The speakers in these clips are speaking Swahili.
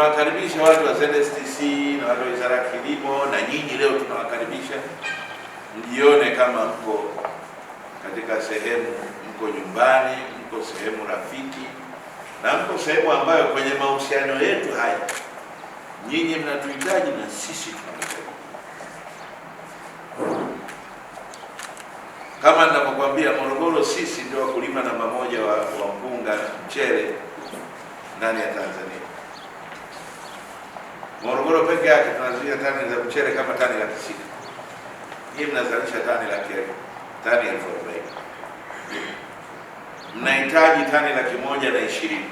tunawakaribisha watu wa ZSTC na watu wa Wizara ya Kilimo na nyinyi leo tunawakaribisha mjione kama mko katika sehemu, mko nyumbani, mko sehemu rafiki na mko sehemu ambayo kwenye mahusiano yetu haya nyinyi mnatuhitaji na sisi tunahitaji. Kama ninavyokuambia, Morogoro sisi ndio wakulima namba moja wa mpunga mchele ndani ya Tanzania. Morogoro peke yake tunazuia tani za mchele kama tani laki sita. Hii mnazalisha tani laki tani elfu arobaini mnahitaji tani laki moja na ishirini.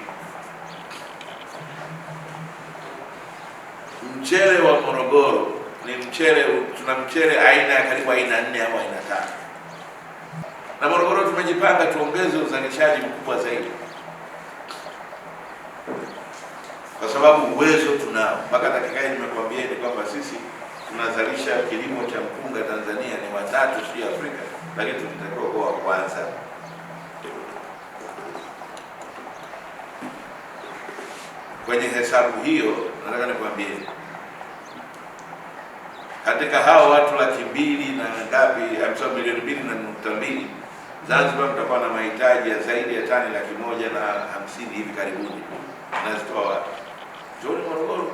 Mchele wa Morogoro ni mchele, tuna mchele aina ya karibu aina nne au aina tano, na Morogoro tumejipanga tuongeze uzalishaji mkubwa zaidi kwa sababu uwezo tunao. Mpaka dakika nimekuambia ni kwamba sisi tunazalisha kilimo cha mpunga Tanzania ni watatu sio Afrika, lakini tunatakiwa kuwa wa kwanza. Kwenye hesabu hiyo nataka nikwambie katika hao watu laki mbili na ngapi, milioni mbili na nukta mbili Zanzibar mtakuwa na mahitaji ya zaidi ya tani laki moja na hamsini hivi karibuni, nazitoa watu Njooni Morogoro.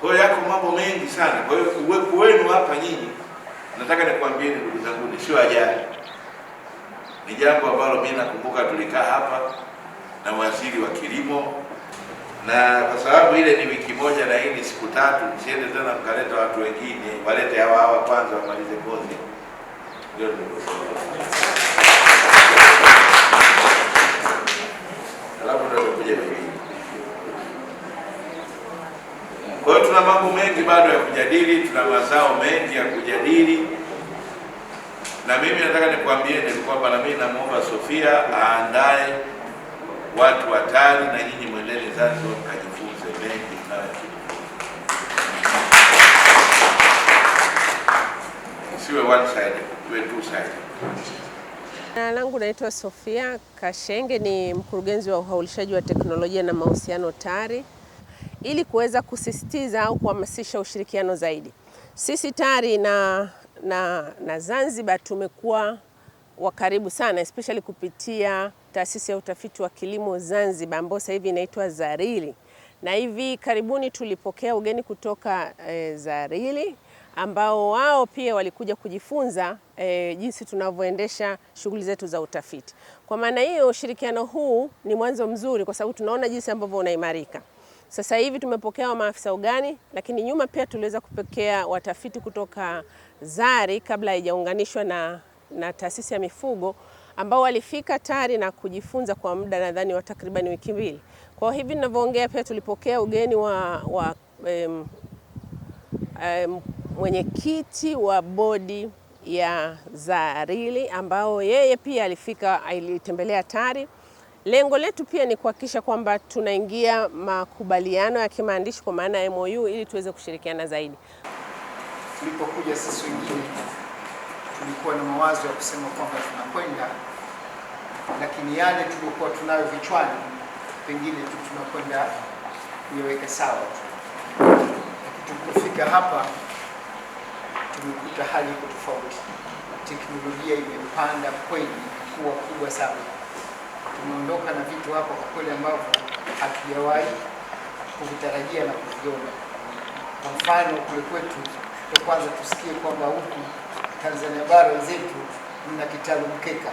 Kwa hiyo yako mambo mengi sana. Kwa hiyo uwepo wenu hapa nyinyi, nataka nikwambie ndugu zangu, ni sio ajali, ni jambo ambalo mimi nakumbuka tulikaa hapa na waziri wa kilimo, na kwa sababu ile ni wiki moja na hii ni siku tatu, msiende tena mkaleta watu wengine, walete hawa hawa kwanza wamalize kozi. Ndio ndio bado ya kujadili, tuna mazao mengi ya kujadili, na mimi nataka nikwambieni kwamba na mimi namuomba Sofia aandae watu watali, na nyinyi mwendele Zanzibar mkajifunze mengi mnayojifunza, one side, tuwe two side. Jina langu naitwa Sofia Kashenge, ni mkurugenzi wa uhaulishaji wa teknolojia na mahusiano TARI ili kuweza kusisitiza au kuhamasisha ushirikiano zaidi. Sisi TARI na, na, na Zanzibar tumekuwa wa karibu sana especially kupitia taasisi ya utafiti wa kilimo Zanzibar ambayo sasa hivi inaitwa Zarili, na hivi karibuni tulipokea ugeni kutoka e, Zarili ambao wao pia walikuja kujifunza e, jinsi tunavyoendesha shughuli zetu za utafiti. Kwa maana hiyo ushirikiano huu ni mwanzo mzuri, kwa sababu tunaona jinsi ambavyo unaimarika. Sasa hivi tumepokea maafisa ugani, lakini nyuma pia tuliweza kupokea watafiti kutoka ZARI kabla haijaunganishwa na, na taasisi ya mifugo ambao walifika TARI na kujifunza kwa muda nadhani wa takriban wiki mbili. Kwa hivi ninavyoongea pia tulipokea ugeni wa, wa um, um, mwenyekiti wa bodi ya ZARILI ambao yeye pia alifika, alitembelea TARI Lengo letu pia ni kuhakikisha kwamba tunaingia makubaliano ya kimaandishi kwa maana ya MOU ili tuweze kushirikiana zaidi. Tulipokuja sisi wengine tulikuwa na mawazo ya kusema kwamba tunakwenda, lakini yale tuliokuwa tunayo vichwani pengine tu tunakwenda kuyaweka sawa tu. Tulipofika hapa tumekuta hali iko tofauti, teknolojia imepanda kweli kuwa kubwa sana tumeondoka na vitu hapa kwa kweli ambavyo hatujawahi kuvitarajia na kuviona. Kwa mfano kule kwetu, kwa kwanza tusikie kwamba huku Tanzania bara wenzetu mna kitalu mkeka.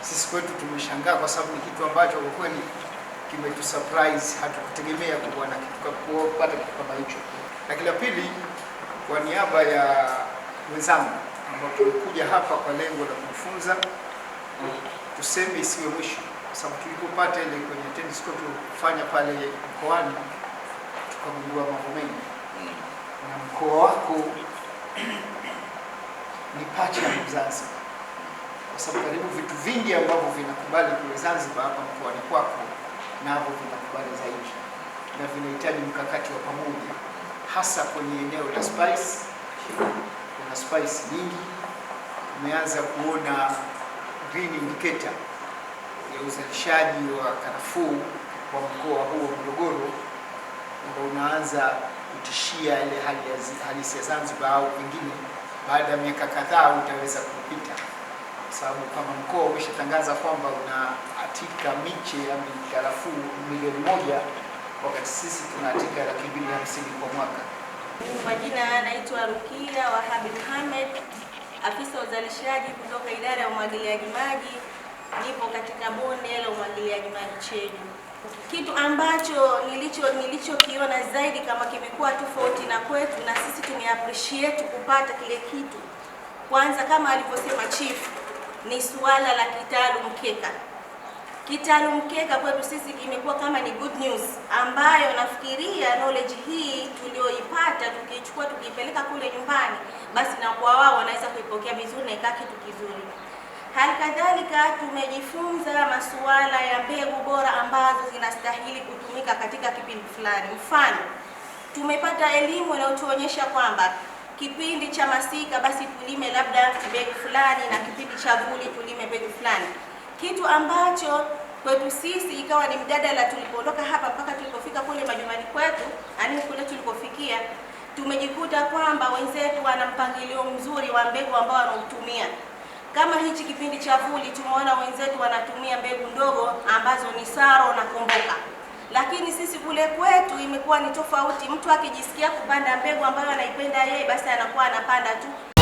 Sisi kwetu tumeshangaa kwa sababu ni kitu ambacho kwa kweli kimetu surprise, hatukutegemea kuwa na kitu kupata kitu kama hicho. Lakini la pili, kwa niaba ya wenzangu ambao tulikuja hapa kwa lengo la kujifunza tuseme isiwe mwisho, sababu tulipopata ile kwenye tennis court tufanya pale mkoani tukagundua mambo mengi, mm. na mkoa wako ni pacha ya Zanzibar, kwa sababu karibu vitu vingi ambavyo vinakubali kule Zanzibar hapa mkoani kwako navyo vinakubali zaidi na vinahitaji mkakati wa pamoja, hasa kwenye eneo la spice. Kuna spice nyingi, umeanza kuona green indicator ya uzalishaji wa karafuu kwa mkoa huu wa Morogoro ambao unaanza kutishia ile hali halisi ya Zanzibar au pengine baada ya miaka kadhaa utaweza kupita, kwa sababu kama mkoa umeshatangaza kwamba una atika miche ya karafuu milioni moja wakati sisi tuna atika laki mbili hamsini kwa mwaka. Majina anaitwa Rukia Wahabi Mohamed afisa uzalishaji kutoka idara ya umwagiliaji maji, nipo katika bonde la umwagiliaji maji Chenyu. Kitu ambacho nilicho nilichokiona zaidi kama kimekuwa tofauti na kwetu, na sisi appreciate kupata kile kitu, kwanza kama alivyosema chief, ni suala la kitalu mkeka Kitaalum Mkeka kwetu sisi imekuwa kama ni good news ambayo nafikiria knowledge hii tulioipata tukichukua tukiipeleka kule nyumbani, basi na kwa wao wanaweza kuipokea vizuri na ikaa kitu kizuri. Halikadhalika tumejifunza masuala ya mbegu bora ambazo zinastahili kutumika katika kipindi fulani. Mfano, tumepata elimu inayotuonyesha kwamba kipindi cha masika basi tulime labda mbegu fulani, na kipindi cha vuli tulime mbegu fulani kitu ambacho kwetu sisi ikawa ni mjadala tulipoondoka hapa mpaka tulipofika kule majumbani kwetu, ani kule tulipofikia, tumejikuta kwamba wenzetu wana mpangilio mzuri wa mbegu ambao wanautumia. Kama hichi kipindi cha vuli, tumeona wenzetu wanatumia mbegu ndogo ambazo ni saro na komboka, lakini sisi kule kwetu imekuwa ni tofauti. Mtu akijisikia kupanda mbegu ambayo anaipenda yeye, basi anakuwa anapanda tu,